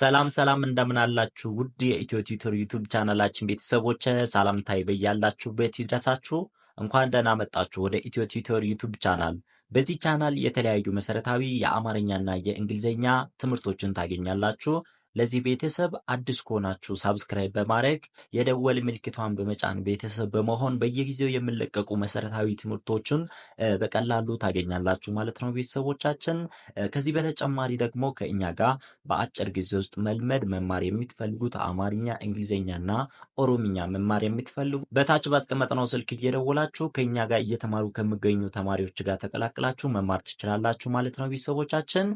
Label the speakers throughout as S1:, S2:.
S1: ሰላም ሰላም እንደምናላችሁ ውድ የኢትዮ ቲዩተር ዩቱብ ቻናላችን ቤተሰቦች ሰላምታዬ በያላችሁበት ይድረሳችሁ። እንኳን ደህና መጣችሁ ወደ ኢትዮ ቲዩተር ዩቱብ ቻናል። በዚህ ቻናል የተለያዩ መሰረታዊ የአማርኛና የእንግሊዝኛ ትምህርቶችን ታገኛላችሁ። ለዚህ ቤተሰብ አዲስ ከሆናችሁ ሳብስክራይብ በማድረግ የደወል ምልክቷን በመጫን ቤተሰብ በመሆን በየጊዜው የምንለቀቁ መሰረታዊ ትምህርቶችን በቀላሉ ታገኛላችሁ ማለት ነው። ቤተሰቦቻችን ከዚህ በተጨማሪ ደግሞ ከእኛ ጋር በአጭር ጊዜ ውስጥ መልመድ መማር የምትፈልጉት አማርኛ፣ እንግሊዝኛና ኦሮምኛ መማር የምትፈልጉ በታች ባስቀመጥነው ስልክ እየደወላችሁ ከእኛ ጋር እየተማሩ ከሚገኙ ተማሪዎች ጋር ተቀላቅላችሁ መማር ትችላላችሁ ማለት ነው ቤተሰቦቻችን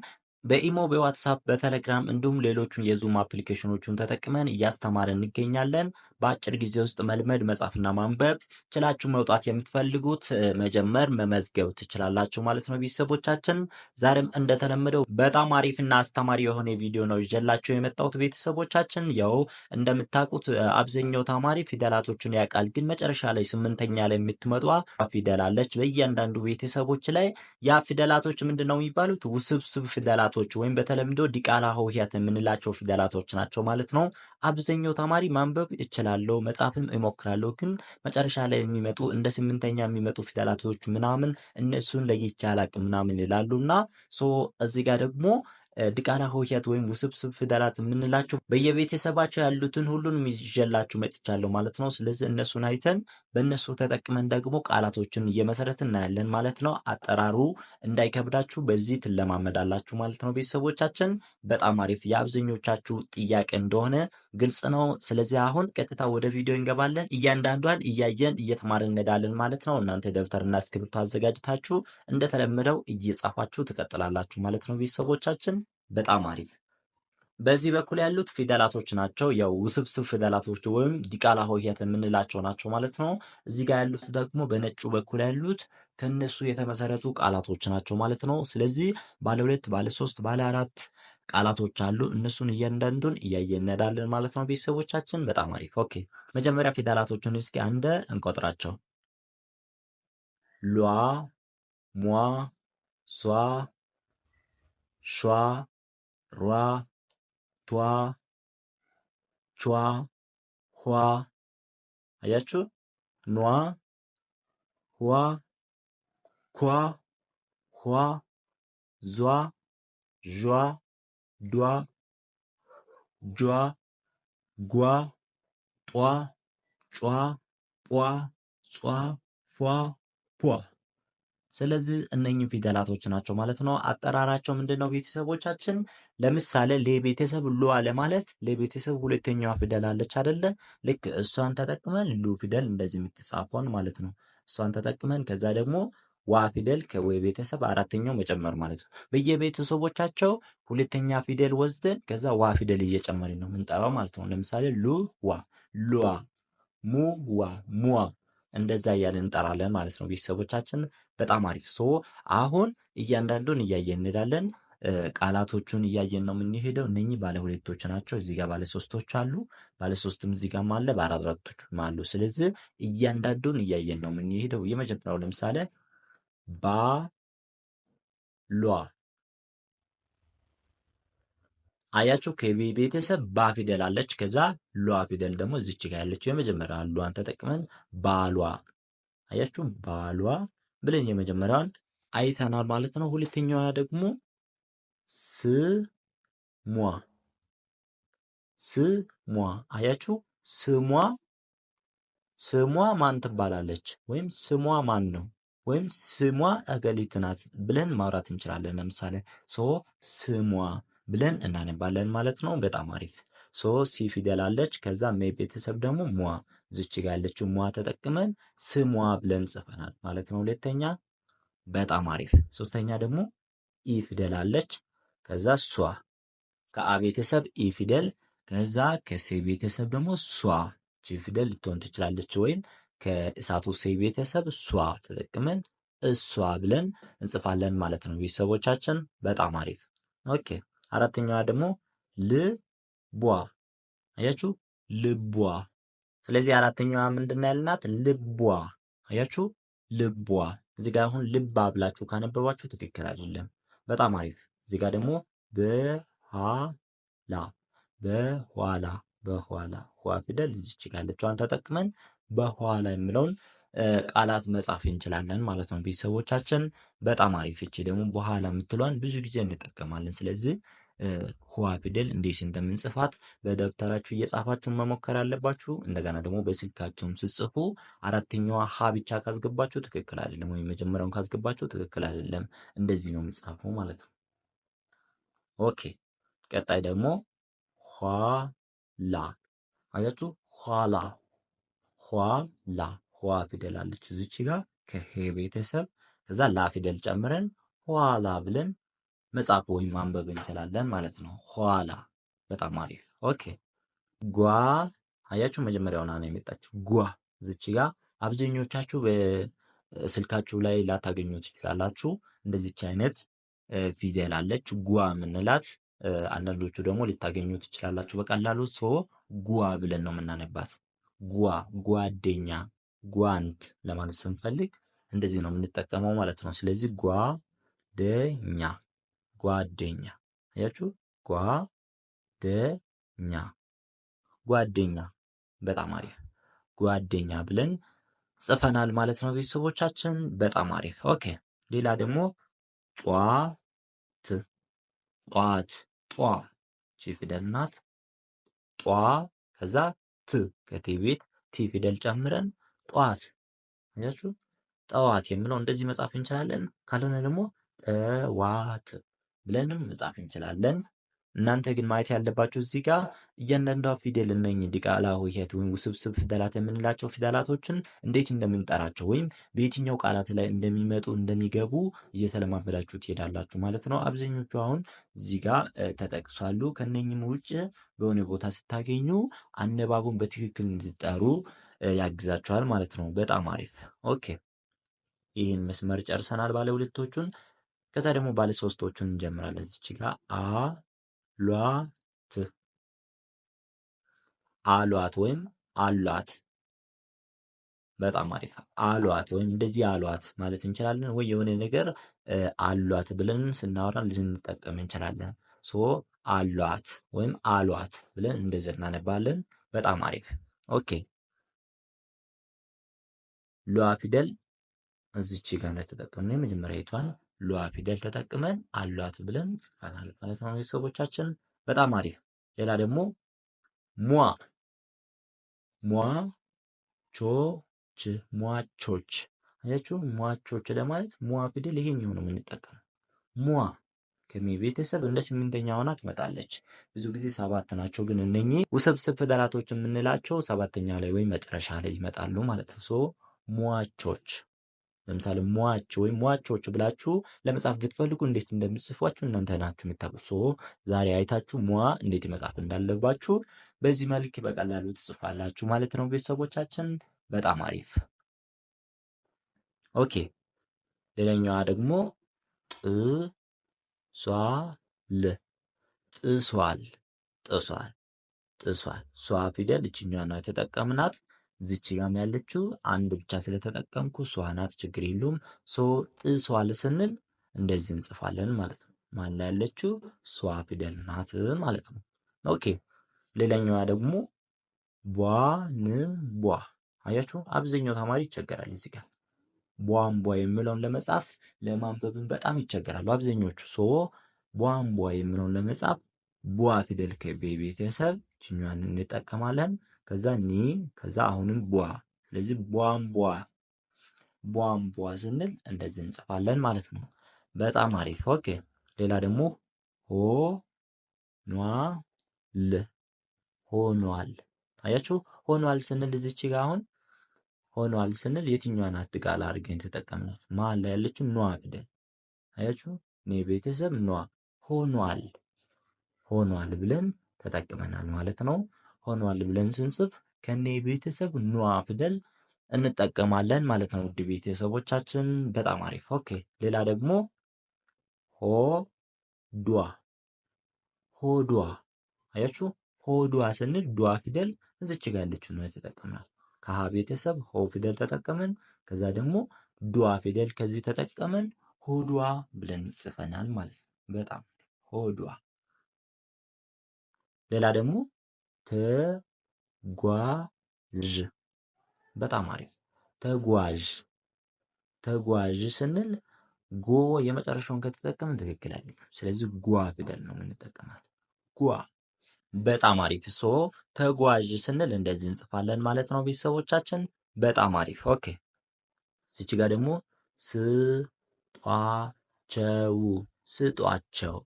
S1: በኢሞ በዋትሳፕ በቴሌግራም እንዲሁም ሌሎቹን የዙም አፕሊኬሽኖቹን ተጠቅመን እያስተማርን እንገኛለን። በአጭር ጊዜ ውስጥ መልመድ መጻፍና ማንበብ ችላችሁ መውጣት የምትፈልጉት መጀመር መመዝገብ ትችላላችሁ ማለት ነው። ቤተሰቦቻችን ዛሬም እንደተለመደው በጣም አሪፍና አስተማሪ የሆነ ቪዲዮ ነው ይዤላችሁ የመጣሁት። ቤተሰቦቻችን ያው እንደምታውቁት አብዛኛው ተማሪ ፊደላቶችን ያውቃል፣ ግን መጨረሻ ላይ ስምንተኛ ላይ የምትመጧ ፊደላለች በእያንዳንዱ ቤተሰቦች ላይ ያ ፊደላቶች ምንድን ነው የሚባሉት? ውስብስብ ፊደላቶች ፊደላቶች ወይም በተለምዶ ዲቃላ ሆሄያት የምንላቸው ፊደላቶች ናቸው ማለት ነው። አብዛኛው ተማሪ ማንበብ እችላለሁ፣ መጻፍም እሞክራለሁ፣ ግን መጨረሻ ላይ የሚመጡ እንደ ስምንተኛ የሚመጡ ፊደላቶች ምናምን እነሱን ለይቼ አላቅም ምናምን ይላሉ እና እዚህ ጋር ደግሞ ድቃላ ሆሄያት ወይም ውስብስብ ፊደላት የምንላቸው በየቤተሰባቸው ያሉትን ሁሉንም ይዤላችሁ መጥቻለሁ ማለት ነው። ስለዚህ እነሱን አይተን በእነሱ ተጠቅመን ደግሞ ቃላቶችን እየመሰረት እናያለን ማለት ነው። አጠራሩ እንዳይከብዳችሁ በዚህ ትለማመዳላችሁ ማለት ነው። ቤተሰቦቻችን በጣም አሪፍ። የአብዛኞቻችሁ ጥያቄ እንደሆነ ግልጽ ነው። ስለዚህ አሁን ቀጥታ ወደ ቪዲዮ እንገባለን። እያንዳንዷን እያየን እየተማርን እንሄዳለን ማለት ነው። እናንተ ደብተርና እስክሪብቶ አዘጋጅታችሁ እንደተለመደው እየጻፋችሁ ትቀጥላላችሁ ማለት ነው ቤተሰቦቻችን በጣም አሪፍ። በዚህ በኩል ያሉት ፊደላቶች ናቸው። ያው ውስብስብ ፊደላቶች ወይም ዲቃላ ሆሄያት የምንላቸው ናቸው ማለት ነው። እዚህ ጋር ያሉት ደግሞ በነጩ በኩል ያሉት ከነሱ የተመሰረቱ ቃላቶች ናቸው ማለት ነው። ስለዚህ ባለ ሁለት፣ ባለ ሶስት፣ ባለ አራት ቃላቶች አሉ። እነሱን እያንዳንዱን እያየ እንሄዳለን ማለት ነው። ቤተሰቦቻችን በጣም አሪፍ ኦኬ። መጀመሪያ ፊደላቶቹን እስኪ አንደ እንቆጥራቸው። ሏ፣ ሟ፣ ሷ፣ ሿ ሯ፣ ቷ፣ ቿ፣ ኋ። አያችሁ? ኗ፣ ኋ፣ ኳ፣ ኋ፣ ዟ፣ ዣ፣ ዷ፣ ጇ፣ ጓ፣ ጧ፣ ጯ፣ ጳ፣ ጿ፣ ፏ፣ ፖ። ስለዚህ እነኚህ ፊደላቶች ናቸው ማለት ነው። አጠራራቸው ምንድን ነው ቤተሰቦቻችን? ለምሳሌ ለቤተሰብ ሉዋ ለማለት ለቤተሰብ ሁለተኛዋ ፊደል አለች አደለ? ልክ እሷን ተጠቅመን ሉ ፊደል እንደዚህ የምትጻፈውን ማለት ነው። እሷን ተጠቅመን ከዛ ደግሞ ዋ ፊደል ከወ ቤተሰብ አራተኛው መጨመር ማለት ነው። በየቤተሰቦቻቸው ሁለተኛ ፊደል ወስደን ከዛ ዋ ፊደል እየጨመርን ነው ምንጠራው ማለት ነው። ለምሳሌ ሉ ዋ ሉዋ፣ ሙ ዋ ሙዋ እንደዛ እያለን እንጠራለን ማለት ነው። ቤተሰቦቻችን በጣም አሪፍ ሶ አሁን እያንዳንዱን እያየ እንሄዳለን። ቃላቶቹን እያየን ነው የምንሄደው። እነኚህ ባለ ሁለቶች ናቸው። እዚህ ጋር ባለ ሶስቶች አሉ። ባለ ሶስትም እዚህ ጋር አለ። ባለ አሉ። ስለዚህ እያንዳንዱን እያየን ነው የምንሄደው። የመጀመሪያው ለምሳሌ ባሏ አያቸው ቤተሰብ ባ ፊደል አለች። ከዛ ሏ ፊደል ደግሞ እዚች ጋር ያለችው የመጀመሪያ ሏን ተጠቅመን ባሏ አያችሁ፣ ባሏ ብለን የመጀመሪያዋን አይተናል ማለት ነው። ሁለተኛዋ ደግሞ ስሟ ስሟ አያችሁ ስሟ ስሟ ማን ትባላለች ወይም ስሟ ማን ነው ወይም ስሟ እገሊት ናት ብለን ማውራት እንችላለን። ለምሳሌ ሶ ስሟ ብለን እናነባለን ማለት ነው። በጣም አሪፍ። ሶ ሲ ፊደል አለች። ከዛ ሜ ቤተሰብ ደግሞ ሟ ዝች ጋ ያለችው ሟ ተጠቅመን ስሟ ብለን ጽፈናል ማለት ነው። ሁለተኛ በጣም አሪፍ። ሶስተኛ ደግሞ ኢ ፊደል አለች። ከዛ ሷ ከአ ቤተሰብ ኢ ፊደል ከዛ ከሴ ቤተሰብ ደግሞ ሷ ቺ ፊደል ልትሆን ትችላለች። ወይም ከእሳቱ ሴ ቤተሰብ ሷ ተጠቅመን እሷ ብለን እንጽፋለን ማለት ነው። ቤተሰቦቻችን በጣም አሪፍ። ኦኬ አራተኛዋ ደግሞ ልቧ አያችሁ፣ ልቧ። ስለዚህ አራተኛዋ ምንድን ነው ያልናት? ልቧ አያችሁ፣ ልቧ። እዚህ ጋር አሁን ልባ ብላችሁ ካነበባችሁ ትክክል አይደለም። በጣም አሪፍ እዚህ ጋር ደግሞ በኋላ በኋላ በኋላ ኋ ፊደል እዚች ጋር ያለችዋን ተጠቅመን በኋላ የሚለውን ቃላት መጻፍ እንችላለን ማለት ነው። ቤተሰቦቻችን በጣም አሪፍ። እቺ ደግሞ በኋላ የምትሏን ብዙ ጊዜ እንጠቀማለን። ስለዚህ ኋ ፊደል እንዴት እንደምንጽፋት በደብተራችሁ እየጻፋችሁ መሞከር አለባችሁ። እንደገና ደግሞ በስልካችሁም ስጽፉ አራተኛዋ ሀ ብቻ ካስገባችሁ ትክክል አይደለም፣ ወይም መጀመሪያውን ካስገባችሁ ትክክል አይደለም። እንደዚህ ነው የሚጻፈው ማለት ነው። ኦኬ ቀጣይ ደግሞ ኋላ አያችሁ፣ ኋላ ኋላ ኋ ፊደል አለች እዚች ጋር ከሄ ቤተሰብ ከዛ ላ ፊደል ጨምረን ኋላ ብለን መጻፍ ወይም ማንበብ እንችላለን ማለት ነው። ኋላ በጣም አሪፍ። ኦኬ ጓ አያችሁ፣ ና ነው የመጣችሁ ጓ እዚች ጋር አብዛኞቻችሁ በስልካችሁ ላይ ላታገኙ ትችላላችሁ እንደዚች አይነት ፊደል አለች ጓ የምንላት አንዳንዶቹ ደግሞ ልታገኙ ትችላላችሁ በቀላሉ ሶ ጓ ብለን ነው የምናነባት። ጓ ጓደኛ፣ ጓንት ለማለት ስንፈልግ እንደዚህ ነው የምንጠቀመው ማለት ነው። ስለዚህ ጓ ደኛ ጓደኛ አያችሁ፣ ጓ ደኛ ጓደኛ። በጣም አሪፍ ጓደኛ ብለን ጽፈናል ማለት ነው ቤተሰቦቻችን። በጣም አሪፍ ኦኬ። ሌላ ደግሞ ጧት ጧት ጧ ቺ ፊደል ናት። ጧ ከዛ ት ከቲ ቤት ቲ ፊደል ጨምረን ጧት አያችሁ፣ ጠዋት የምለው እንደዚህ መጻፍ እንችላለን። ካልሆነ ደግሞ ጠዋት ብለንም መጻፍ እንችላለን። እናንተ ግን ማየት ያለባችሁ እዚህ ጋ እያንዳንዷ ፊደል እነኝህ ዲቃላ ሆሄያት ወይም ውስብስብ ፊደላት የምንላቸው ፊደላቶችን እንዴት እንደምንጠራቸው ወይም በየትኛው ቃላት ላይ እንደሚመጡ እንደሚገቡ እየተለማመዳችሁ ትሄዳላችሁ ማለት ነው። አብዛኞቹ አሁን እዚህ ጋ ተጠቅሷሉ። ከነኝም ውጭ በሆነ ቦታ ስታገኙ አነባቡን በትክክል እንድጠሩ ያግዛችኋል ማለት ነው። በጣም አሪፍ ኦኬ። ይህን መስመር ጨርሰናል ባለ ሁለቶቹን። ከዛ ደግሞ ባለ ሶስቶቹን እንጀምራለን። እዚች ጋ አ ሏት አሏት ወይም አሏት። በጣም አሪፍ አሏት ወይም እንደዚህ አሏት ማለት እንችላለን። ወይ የሆነ ነገር አሏት ብለን ስናወራ ልንጠቀም እንችላለን። ሶ አሏት ወይም አሏት ብለን እንደዚህ እናነባለን። በጣም አሪፍ ኦኬ። ሏ ፊደል እዚች ጋር ነው የተጠቀምነው የመጀመሪያዊቷን ሉዋ ፊደል ተጠቅመን አሏት ብለን ጽፈናል ማለት ነው። ቤተሰቦቻችን በጣም አሪፍ። ሌላ ደግሞ ሟ ሟ ቾች ሟቾች አያችሁ፣ ሟቾች ለማለት ሟ ፊደል ይሄኛው ነው የምንጠቀመው። ሟ ከሜ ቤተሰብ እንደ ስምንተኛ ሆና ትመጣለች። ብዙ ጊዜ ሰባት ናቸው፣ ግን እነኚህ ውስብስብ ፊደላቶች የምንላቸው ሰባተኛ ላይ ወይም መጨረሻ ላይ ይመጣሉ ማለት ነው። ሟቾች ለምሳሌ ሟች ወይም ሟቾች ብላችሁ ለመጻፍ ብትፈልጉ እንዴት እንደምትጽፏችሁ እናንተ ናችሁ የምታውቁት። ዛሬ አይታችሁ ሟ እንዴት መጻፍ እንዳለባችሁ በዚህ መልክ በቀላሉ ትጽፋላችሁ ማለት ነው። ቤተሰቦቻችን በጣም አሪፍ። ኦኬ ሌላኛዋ ደግሞ ጥሷል፣ ጥሷል፣ ጥሷል፣ ጥሷል። ሷ ፊደል እችኛዋ ነው የተጠቀምናት። ዝቺ ጋም ያለችው አንድ ብቻ ስለተጠቀምኩ እሷ ናት። ችግር የለውም። ሶ ጥሷ ስንል እንደዚህ እንጽፋለን ማለት ነው። ማን ላይ ያለችው ሷ ፊደል ናት ማለት ነው። ኦኬ ሌላኛዋ ደግሞ ን ቧ። አያችሁ አብዛኛው ተማሪ ይቸገራል እዚህ ጋር ቧንቧ የሚለውን ለመጻፍ ለማንበብን በጣም ይቸገራሉ አብዛኞቹ። ሶ ቧንቧ የሚለውን ለመጻፍ ቧ ፊደል ከቤቤተሰብ ችኛን እንጠቀማለን። ከዛ ኒ ከዛ አሁንም ቧ። ስለዚህ ቧንቧ ቧንቧ ስንል እንደዚህ እንጽፋለን ማለት ነው። በጣም አሪፍ ኦኬ። ሌላ ደግሞ ሆ ኗ ል ሆኗል። አያችሁ ሆኗል ስንል እዚች ጋ አሁን ሆኗል ስንል የትኛዋ ናት አድርገን ተጠቀምናት? መሀል ላይ ያለችው ኗ ፊደል አያችሁ። እኔ ቤተሰብ ኗ ሆኗል ሆኗል ብለን ተጠቅመናል ማለት ነው። ሆኗል ብለን ስንጽፍ ከነ የቤተሰብ ኑዋ ፊደል እንጠቀማለን ማለት ነው። ውድ ቤተሰቦቻችን በጣም አሪፍ። ኦኬ ሌላ ደግሞ ሆ ዱዋ ሆዱዋ አያችሁ፣ ሆዱዋ ስንል ዱዋ ፊደል እዚች ጋር ያለችው ነው የተጠቀምናት። ከሀ ቤተሰብ ሆ ፊደል ተጠቀመን፣ ከዛ ደግሞ ዷ ፊደል ከዚህ ተጠቀመን ሆዱዋ ብለን ይጽፈናል ማለት ነው። በጣም ሆዱዋ። ሌላ ደግሞ ተጓዥ በጣም አሪፍ ተጓዥ ተጓዥ ስንል ጎ የመጨረሻውን ከተጠቀምን ትክክል አይደለም። ስለዚህ ጓ ፊደል ነው የምንጠቀማት። ጓ በጣም አሪፍ ሶ ተጓዥ ስንል እንደዚህ እንጽፋለን ማለት ነው ቤተሰቦቻችን። በጣም አሪፍ ኦኬ። እዚች ጋር ደግሞ ስጧቸው ስጧቸው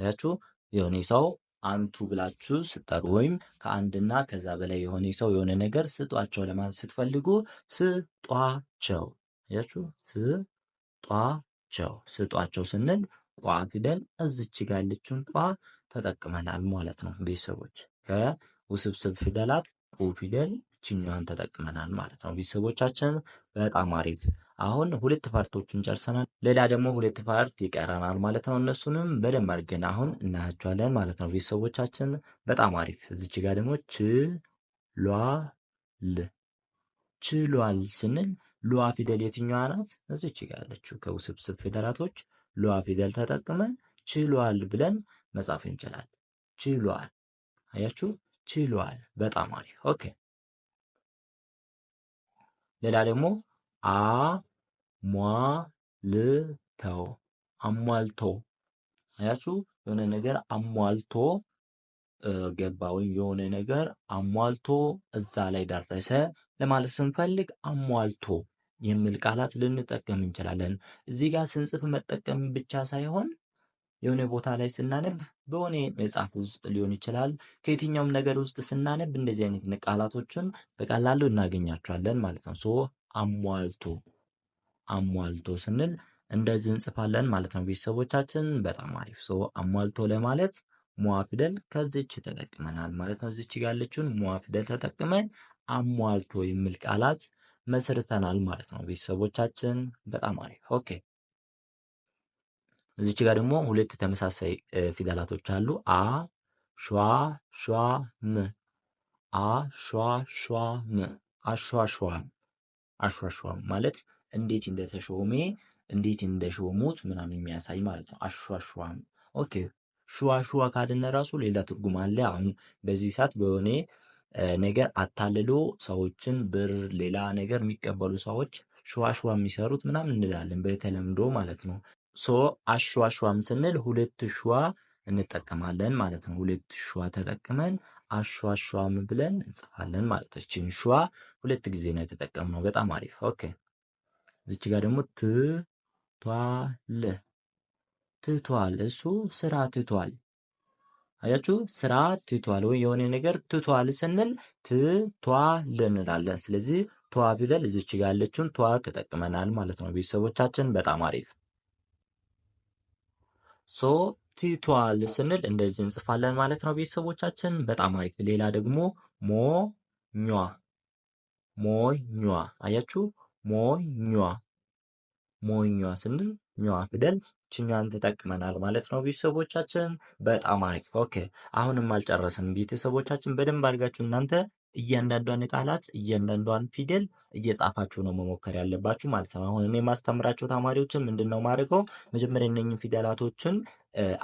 S1: አያችሁ የሆነ ሰው አንቱ ብላችሁ ስጠሩ ወይም ከአንድና ከዛ በላይ የሆነ ሰው የሆነ ነገር ስጧቸው ለማለት ስትፈልጉ ስጧቸው፣ አያችሁ፣ ስጧቸው። ስጧቸው ስንል ቋ ፊደል እዝች ጋ ያለችውን ቋ ተጠቅመናል ማለት ነው። ቤተሰቦች ከውስብስብ ፊደላት ቁ ፊደል ችኛዋን ተጠቅመናል ማለት ነው። ቤተሰቦቻችን በጣም አሪፍ አሁን ሁለት ፓርቶቹን ጨርሰናል። ሌላ ደግሞ ሁለት ፓርት ይቀረናል ማለት ነው። እነሱንም በደንብ አድርገን አሁን እናያቸዋለን ማለት ነው። ቤተሰቦቻችን በጣም አሪፍ። እዚች ጋር ደግሞ ችሏል ችሏል ስንል ሉዋ ፊደል የትኛዋ ናት? እዚች ጋር ያለችው ከውስብስብ ፊደላቶች ሉዋ ፊደል ተጠቅመን ችሏል ብለን መጻፍ እንችላለን። ችሏል አያችሁ፣ ችሏል። በጣም አሪፍ ኦኬ። ሌላ ደግሞ አ ሟልተው አሟልቶ አያችሁ፣ የሆነ ነገር አሟልቶ ገባ ወይም የሆነ ነገር አሟልቶ እዛ ላይ ደረሰ ለማለት ስንፈልግ አሟልቶ የሚል ቃላት ልንጠቀም እንችላለን። እዚህ ጋር ስንጽፍ መጠቀም ብቻ ሳይሆን የሆነ ቦታ ላይ ስናነብ በሆነ መጽሐፍ ውስጥ ሊሆን ይችላል። ከየትኛውም ነገር ውስጥ ስናነብ እንደዚህ አይነት ቃላቶችን በቀላሉ እናገኛቸዋለን ማለት ነው። ሶ አሟልቶ አሟልቶ ስንል እንደዚህ እንጽፋለን ማለት ነው። ቤተሰቦቻችን በጣም አሪፍ ሰው አሟልቶ ለማለት ሟ ፊደል ከዚች ተጠቅመናል ማለት ነው። እዚች ያለችውን ሟ ፊደል ተጠቅመን አሟልቶ የሚል ቃላት መስርተናል ማለት ነው። ቤተሰቦቻችን በጣም አሪፍ ኦኬ። እዚች ጋር ደግሞ ሁለት ተመሳሳይ ፊደላቶች አሉ። አ ሿ ሿ ም አ ሿ ሿ ም አሿሿም አሿሿም ማለት እንዴት እንደተሾሜ እንዴት እንደሾሙት ምናምን የሚያሳይ ማለት ነው። አሿሿም ኦኬ። ሹዋሹዋ ካልን ራሱ ሌላ ትርጉም አለ። አሁን በዚህ ሰዓት በሆነ ነገር አታልሎ ሰዎችን ብር፣ ሌላ ነገር የሚቀበሉ ሰዎች ሹዋሹዋ የሚሰሩት ምናምን እንላለን በተለምዶ ማለት ነው። ሶ አሿሿም ስንል ሁለት ሹዋ እንጠቀማለን ማለት ነው። ሁለት ሹዋ ተጠቅመን አሿሿም ብለን እንጽፋለን ማለት ነው። ሹዋ ሁለት ጊዜ ነው የተጠቀምነው። በጣም አሪፍ ኦኬ። እዚች ጋር ደግሞ ትቷል ትቷል። እሱ ስራ ትቷል። አያችሁ ስራ ትቷል ወይ የሆነ ነገር ትቷል ስንል ትቷል እንላለን። ስለዚህ ቷ ፊደል እዚች ጋር ያለችውን ቷ ተጠቅመናል ማለት ነው። ቤተሰቦቻችን በጣም አሪፍ ሶ ትቷል ስንል እንደዚህ እንጽፋለን ማለት ነው። ቤተሰቦቻችን በጣም አሪፍ ሌላ ደግሞ ሞ ሞኟ አያችሁ ሞኞ ሞኞ ስንል ኟ ፊደል ችኛን ተጠቅመናል ማለት ነው ቤተሰቦቻችን። በጣም አሪፍ ኦኬ። አሁንም አልጨረስንም ቤተሰቦቻችን። በደንብ አድርጋችሁ እናንተ እያንዳንዷን የቃላት እያንዳንዷን ፊደል እየጻፋችሁ ነው መሞከር ያለባችሁ ማለት ነው። አሁን እኔ የማስተምራቸው ተማሪዎችን ምንድን ነው ማድርገው መጀመሪያ እነኝም ፊደላቶችን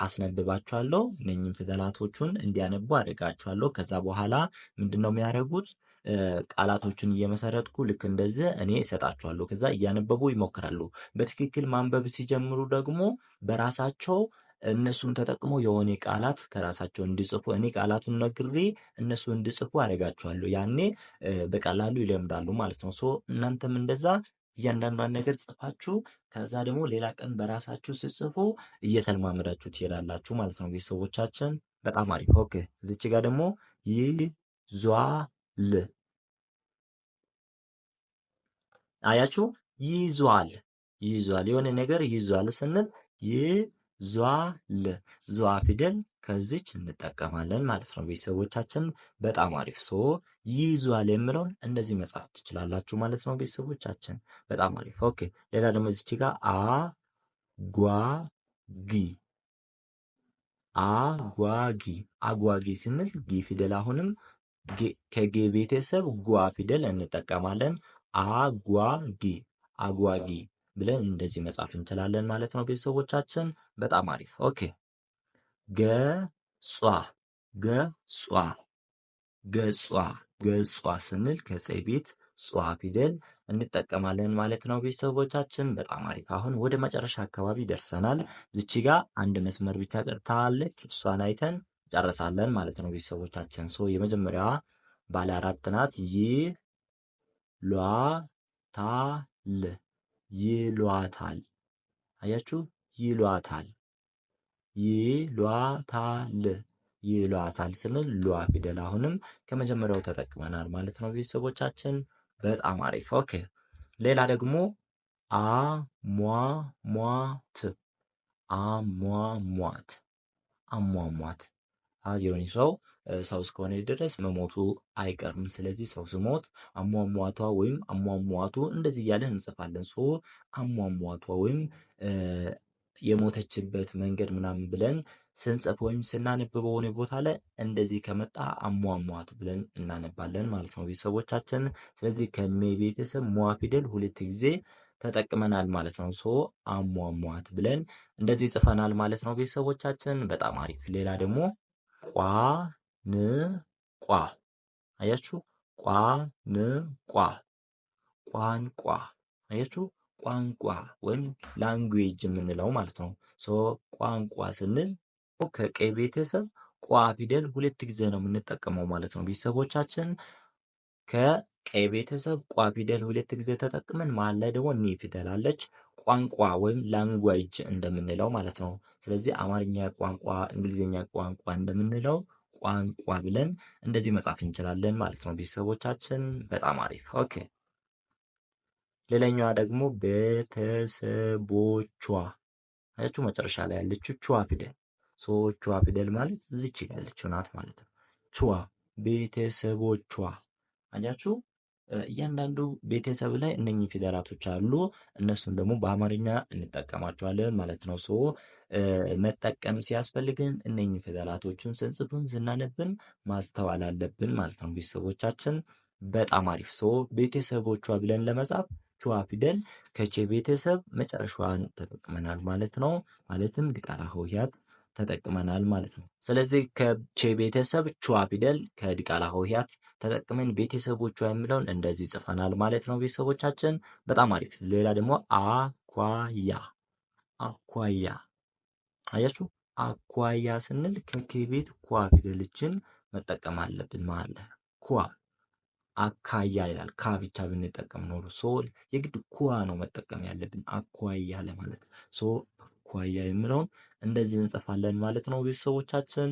S1: አስነብባችኋለሁ። እነኝን ፊደላቶቹን እንዲያነቡ አድርጋችኋለሁ። ከዛ በኋላ ምንድን ነው የሚያደርጉት ቃላቶችን እየመሰረትኩ ልክ እንደዚህ እኔ እሰጣቸዋለሁ። ከዛ እያነበቡ ይሞክራሉ። በትክክል ማንበብ ሲጀምሩ ደግሞ በራሳቸው እነሱን ተጠቅመው የሆነ ቃላት ከራሳቸው እንዲጽፉ እኔ ቃላቱን ነግሬ እነሱ እንዲጽፉ አደርጋቸዋለሁ። ያኔ በቀላሉ ይለምዳሉ ማለት ነው። ሶ እናንተም እንደዛ እያንዳንዷን ነገር ጽፋችሁ ከዛ ደግሞ ሌላ ቀን በራሳችሁ ስጽፉ እየተለማመዳችሁ ትሄዳላችሁ ማለት ነው። ቤተሰቦቻችን በጣም አሪፍ ኦኬ። እዚች ጋር ደግሞ ይዟል አያችሁ ይዟል ይዟል የሆነ ነገር ይዟል ስንል ይዟል ዟ ፊደል ከዚች እንጠቀማለን ማለት ነው። ቤተሰቦቻችን በጣም አሪፍ ሶ ይዟል የምለውን እንደዚህ መጻፍ ትችላላችሁ ማለት ነው። ቤተሰቦቻችን በጣም አሪፍ ኦኬ። ሌላ ደግሞ እዚች ጋር ጊ አጓጊ አጓጊ ስንል ጊ ፊደል አሁንም ከጌ ቤተሰብ ጓ ፊደል እንጠቀማለን። አጓጊ አጓጊ ብለን እንደዚህ መጻፍ እንችላለን ማለት ነው ቤተሰቦቻችን። በጣም አሪፍ ኦኬ። ገጿ ገጿ ገጿ ገጿ ስንል ከፀ ቤት ጿ ፊደል እንጠቀማለን ማለት ነው ቤተሰቦቻችን። በጣም አሪፍ። አሁን ወደ መጨረሻ አካባቢ ደርሰናል። ዝቺ ጋ አንድ መስመር ብቻ ቀርታለች። እሷን አይተን ጨረሳለን ማለት ነው ቤተሰቦቻችን። ሶ የመጀመሪያዋ ባለ አራት ናት። ይህ ሏታል ይሏታል አያችሁ ይሏታል ይሏታል ይሏታል ስንል ሏ ፊደል አሁንም ከመጀመሪያው ተጠቅመናል ማለት ነው ቤተሰቦቻችን በጣም አሪፍ ኦኬ ሌላ ደግሞ አሟሟት አሟሟት አሟሟት የሆነ ሰው ሰው እስከሆነ ድረስ መሞቱ አይቀርም። ስለዚህ ሰው ስሞት አሟሟቷ ወይም አሟሟቱ እንደዚህ እያለን እንጽፋለን። ሶ አሟሟቷ ወይም የሞተችበት መንገድ ምናምን ብለን ስንጽፍ ወይም ስናነብ በሆነ ቦታ ላይ እንደዚህ ከመጣ አሟሟት ብለን እናነባለን ማለት ነው ቤተሰቦቻችን። ስለዚህ ከሜ ቤተሰብ ሟ ፊደል ሁለት ጊዜ ተጠቅመናል ማለት ነው። ሶ አሟሟት ብለን እንደዚህ ጽፈናል ማለት ነው ቤተሰቦቻችን። በጣም አሪፍ። ሌላ ደግሞ ቋንቋ አያችሁ፣ ቋንቋ ቋንቋ አያችሁ፣ ቋንቋ ወይም ላንጉዌጅ የምንለው ማለት ነው። ሶ ቋንቋ ስንል ከቀይ ቤተሰብ ቋ ፊደል ሁለት ጊዜ ነው የምንጠቀመው ማለት ነው። ቤተሰቦቻችን ከቀይ ቤተሰብ ቋ ፊደል ሁለት ጊዜ ተጠቅመን መሃል ላይ ደግሞ ኒ ፊደል አለች። ቋንቋ ወይም ላንጓጅ እንደምንለው ማለት ነው። ስለዚህ አማርኛ ቋንቋ፣ እንግሊዝኛ ቋንቋ እንደምንለው ቋንቋ ብለን እንደዚህ መጻፍ እንችላለን ማለት ነው። ቤተሰቦቻችን በጣም አሪፍ ኦኬ። ሌላኛዋ ደግሞ ቤተሰቦቿ አያችሁ፣ መጨረሻ ላይ ያለችው ቹዋ ፊደል ሶ ቹዋ ፊደል ማለት እዚች ያለችው ናት ማለት ነው። ቹዋ ቤተሰቦቿ አያችሁ እያንዳንዱ ቤተሰብ ላይ እነኚህ ፊደላቶች አሉ። እነሱን ደግሞ በአማርኛ እንጠቀማቸዋለን ማለት ነው። ሶ መጠቀም ሲያስፈልግን እነኚህ ፊደላቶቹን ስንጽፍም ስናነብን ማስተዋል አለብን ማለት ነው። ቤተሰቦቻችን በጣም አሪፍ ሰው ቤተሰቦቿ ብለን ለመጻፍ ቹዋ ፊደል ከቼ ቤተሰብ መጨረሻዋን ተጠቅመናል ማለት ነው። ማለትም ድቃላ ሆሄያት ተጠቅመናል ማለት ነው። ስለዚህ ከቼ ቤተሰብ ቹዋ ፊደል ከድቃላ ሆሄያት ተጠቅመን ቤተሰቦቿ የሚለውን እንደዚህ ጽፈናል ማለት ነው። ቤተሰቦቻችን በጣም አሪፍ። ሌላ ደግሞ አኳያ አኳያ፣ አያችሁ አኳያ ስንል ከኬ ቤት ኳ ፊደልችን መጠቀም አለብን ማለት ኳ አካያ ይላል። ካ ብቻ ብንጠቀም ኖሮ ሶ የግድ ኳ ነው መጠቀም ያለብን አኳያ ለማለት ሶ አኳያ የሚለውን እንደዚህ እንጽፋለን ማለት ነው ቤተሰቦቻችን።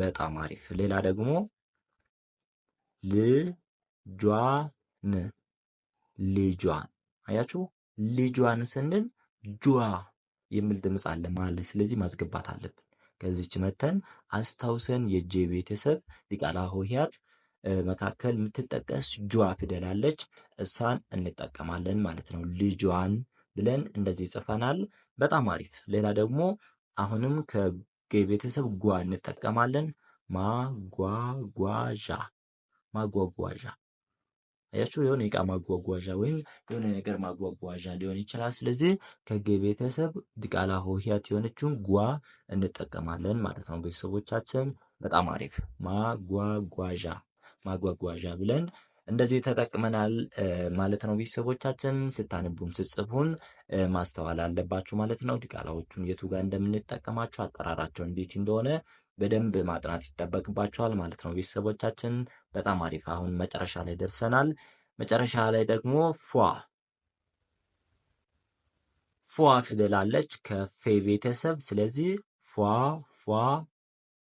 S1: በጣም አሪፍ። ሌላ ደግሞ ልጇን ልጇን አያችሁ፣ ልጇን ስንል ጇ የሚል ድምፅ አለ ማለት ስለዚህ ማስገባት አለብን። ከዚች መተን አስታውሰን የጄ ቤተሰብ ሊቃላ ሆሄያት መካከል የምትጠቀስ ጇ ፊደል አለች። እሷን እንጠቀማለን ማለት ነው። ልጇን ብለን እንደዚህ ጽፈናል። በጣም አሪፍ። ሌላ ደግሞ አሁንም ከቤተሰብ ጓ እንጠቀማለን። ማጓጓዣ ማጓጓዣ አያችሁ የሆነ እቃ ማጓጓዣ ወይም የሆነ ነገር ማጓጓዣ ሊሆን ይችላል። ስለዚህ ከቤተሰብ ድቃላ ሆሄያት የሆነችውን ጓ እንጠቀማለን ማለት ነው። ቤተሰቦቻችን በጣም አሪፍ ማጓጓዣ ማጓጓዣ ብለን እንደዚህ ተጠቅመናል ማለት ነው። ቤተሰቦቻችን ስታነቡም ስጽፉን ማስተዋል አለባችሁ ማለት ነው። ዲቃላዎቹን የቱ ጋር እንደምንጠቀማቸው አጠራራቸው እንዴት እንደሆነ በደንብ ማጥናት ይጠበቅባቸዋል ማለት ነው። ቤተሰቦቻችን በጣም አሪፍ። አሁን መጨረሻ ላይ ደርሰናል። መጨረሻ ላይ ደግሞ ፏ ፏ ፊደል አለች ከፌ ቤተሰብ። ስለዚህ ፏ ፏ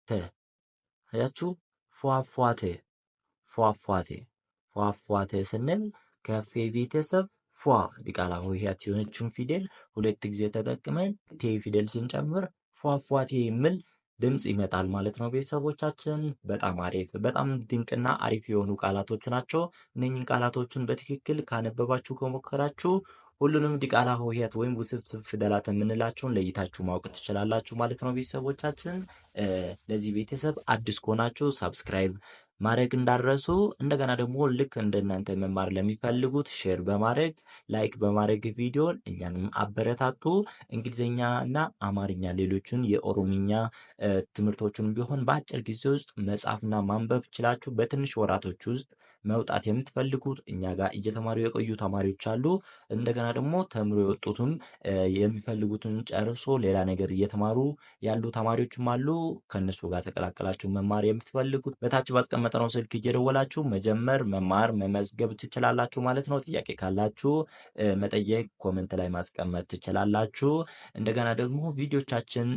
S1: ተ አያችሁ ፏ ፏፏቴ ፏፏቴ ስንል ከፌ ቤተሰብ ፏ ዲቃላ ሆሄያት የሆነችውን ፊደል ሁለት ጊዜ ተጠቅመን ቴ ፊደል ስንጨምር ፏፏቴ የሚል ድምፅ ይመጣል ማለት ነው። ቤተሰቦቻችን በጣም አሪፍ በጣም ድንቅና አሪፍ የሆኑ ቃላቶች ናቸው። እነኝን ቃላቶችን በትክክል ካነበባችሁ ከሞከራችሁ ሁሉንም ዲቃላ ሆሄያት ወይም ውስብስብ ፊደላት የምንላቸውን ለይታችሁ ማወቅ ትችላላችሁ ማለት ነው። ቤተሰቦቻችን ለዚህ ቤተሰብ አዲስ ከሆናችሁ ሳብስክራይብ ማድረግ እንዳረሱ እንደገና ደግሞ ልክ እንደናንተ መማር ለሚፈልጉት ሼር በማድረግ ላይክ በማድረግ ቪዲዮን እኛንም አበረታቱ። እንግሊዝኛ እና አማርኛ ሌሎችን የኦሮምኛ ትምህርቶችን ቢሆን በአጭር ጊዜ ውስጥ መጻፍና ማንበብ ችላችሁ በትንሽ ወራቶች ውስጥ መውጣት የምትፈልጉት እኛ ጋር እየተማሩ የቆዩ ተማሪዎች አሉ። እንደገና ደግሞ ተምሮ የወጡትም የሚፈልጉትን ጨርሶ ሌላ ነገር እየተማሩ ያሉ ተማሪዎችም አሉ። ከእነሱ ጋር ተቀላቀላችሁ መማር የምትፈልጉት በታች ባስቀመጠነው ስልክ እየደወላችሁ መጀመር፣ መማር፣ መመዝገብ ትችላላችሁ ማለት ነው። ጥያቄ ካላችሁ መጠየቅ፣ ኮመንት ላይ ማስቀመጥ ትችላላችሁ። እንደገና ደግሞ ቪዲዮቻችን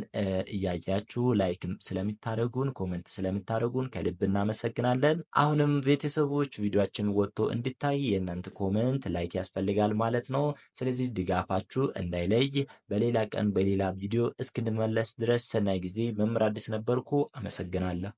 S1: እያያችሁ ላይክ ስለምታደርጉን፣ ኮመንት ስለምታደርጉን ከልብ እናመሰግናለን። አሁንም ቤተሰቦች ሌሎች ቪዲዮችን ወጥቶ እንድታይ የእናንተ ኮመንት ላይክ ያስፈልጋል ማለት ነው። ስለዚህ ድጋፋችሁ እንዳይለይ። በሌላ ቀን በሌላ ቪዲዮ እስክንመለስ ድረስ ሰናይ ጊዜ። መምህር አዲስ ነበርኩ። አመሰግናለሁ።